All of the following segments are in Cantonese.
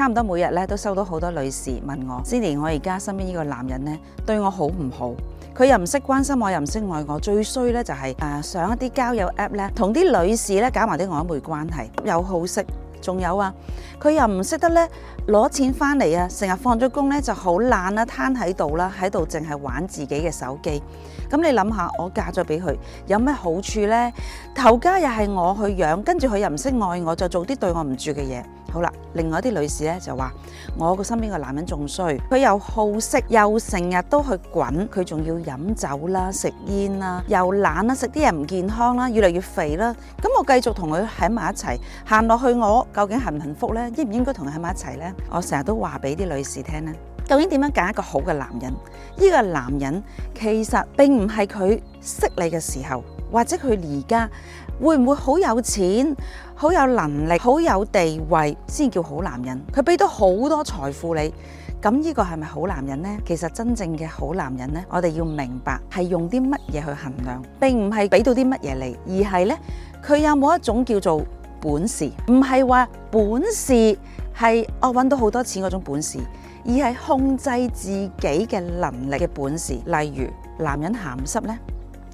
差唔多每日咧都收到好多女士問我，Cindy 我而家身邊呢個男人咧對我好唔好？佢又唔識關心我，又唔識愛我，最衰咧就係誒上一啲交友 app 咧，同啲女士咧搞埋啲曖昧關係，有好色，仲有啊，佢又唔識得咧，攞錢返嚟啊！成日放咗工呢就好懶啦，攤喺度啦，喺度淨係玩自己嘅手機。咁你諗下，我嫁咗俾佢有咩好處呢？頭家又係我去養，跟住佢又唔識愛我，就做啲對我唔住嘅嘢。好啦，另外啲女士呢就話：「我個身邊個男人仲衰，佢又好色，又成日都去滾，佢仲要飲酒啦、食煙啦，又懶啦，食啲嘢唔健康啦，越嚟越肥啦。咁我繼續同佢喺埋一齊行落去我，我究竟幸唔幸福呢？應唔應該同佢喺埋一齊呢？」我成日都話俾啲女士聽咧，究竟點樣揀一個好嘅男人？呢個男人其實並唔係佢識你嘅時候，或者佢而家會唔會好有錢、好有能力、好有地位先叫好男人？佢俾到好多財富你，咁呢個係咪好男人呢？其實真正嘅好男人呢，我哋要明白係用啲乜嘢去衡量，並唔係俾到啲乜嘢嚟，而係呢，佢有冇一種叫做本事，唔係話本事。係我揾到好多錢嗰種本事，而係控制自己嘅能力嘅本事。例如男人鹹濕呢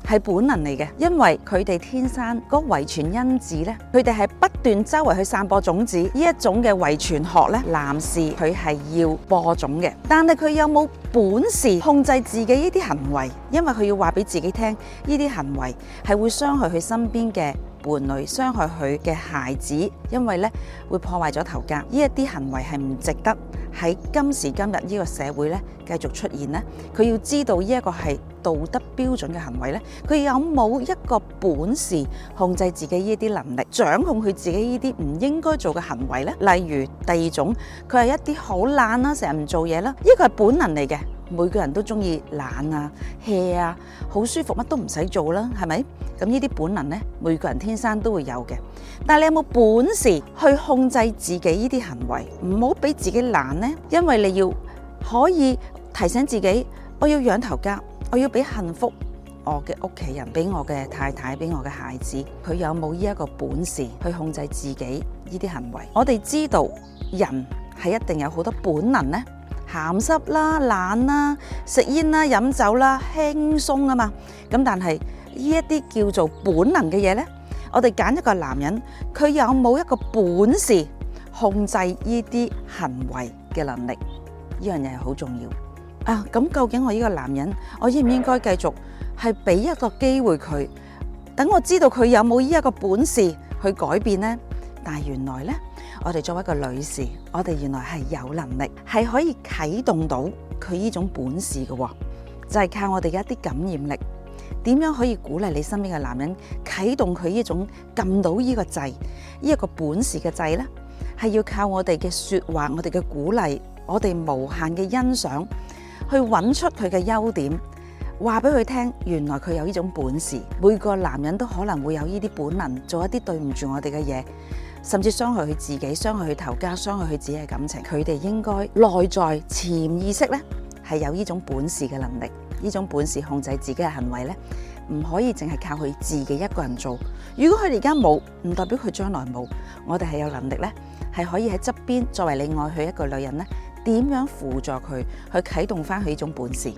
係本能嚟嘅，因為佢哋天生嗰遺傳因子呢，佢哋係不斷周圍去散播種子。呢一種嘅遺傳學呢，男士佢係要播種嘅，但係佢有冇本事控制自己呢啲行為？因為佢要話俾自己聽，呢啲行為係會傷害佢身邊嘅。伴侶傷害佢嘅孩子，因為咧會破壞咗頭家。呢一啲行為係唔值得喺今時今日呢個社會咧繼續出現咧。佢要知道呢一個係道德標準嘅行為咧，佢有冇一個本事控制自己呢啲能力，掌控佢自己呢啲唔應該做嘅行為咧？例如第二種，佢係一啲好懶啦，成日唔做嘢啦，呢、呢個係本能嚟嘅。每個人都中意懶啊、hea 啊，好舒服，乜都唔使做啦，係咪？咁呢啲本能呢，每個人天生都會有嘅。但係你有冇本事去控制自己呢啲行為，唔好俾自己懶呢，因為你要可以提醒自己，我要養頭家，我要俾幸福我嘅屋企人，俾我嘅太太，俾我嘅孩子。佢有冇呢一個本事去控制自己呢啲行為？我哋知道人係一定有好多本能呢。鹹濕啦、懶啦、食煙啦、飲酒啦，輕鬆啊嘛。咁但係呢一啲叫做本能嘅嘢呢，我哋揀一個男人，佢有冇一個本事控制呢啲行為嘅能力？呢樣嘢係好重要啊！咁究竟我呢個男人，我應唔應該繼續係俾一個機會佢？等我知道佢有冇呢一個本事去改變呢？但係原來咧，我哋作為一個女士，我哋原來係有能力，係可以啟動到佢呢種本事嘅，哦，就係、係、靠我哋嘅一啲感染力。點樣可以鼓勵你身邊嘅男人啟動佢呢種撳到呢個掣，呢、呢、一個本事嘅掣呢？係要靠我哋嘅說話，我哋嘅鼓勵，我哋無限嘅欣賞，去揾出佢嘅優點，話俾佢聽，原來佢有呢種本事。每個男人都可能會有呢啲本能，做一啲對唔住我哋嘅嘢。甚至傷害佢自己，傷害佢頭家，傷害佢自己嘅感情。佢哋應該內在潛意識咧，係有呢種本事嘅能力，呢種本事控制自己嘅行為咧，唔可以淨係靠佢自己一個人做。如果佢哋而家冇，唔代表佢將來冇。我哋係有能力咧，係可以喺側邊作為你愛佢一個女人咧，點樣輔助佢去啟動翻佢呢種本事。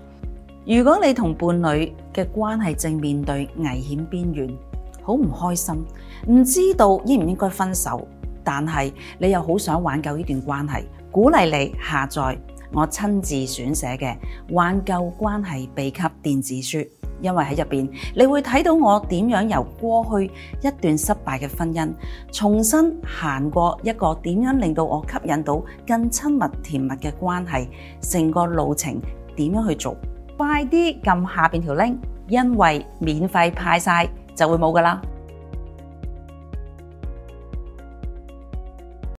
如果你同伴侶嘅關係正面對危險邊緣。好唔開心，唔知道應唔應該分手，但係你又好想挽救呢段關係，鼓勵你下載我親自撰寫嘅挽救關係秘笈電子書，因為喺入面你會睇到我點樣由過去一段失敗嘅婚姻，重新行過一個點樣令到我吸引到更親密甜蜜嘅關係，成個路程點樣去做，快啲撳下面條 link，因為免費派晒。就會冇㗎喇。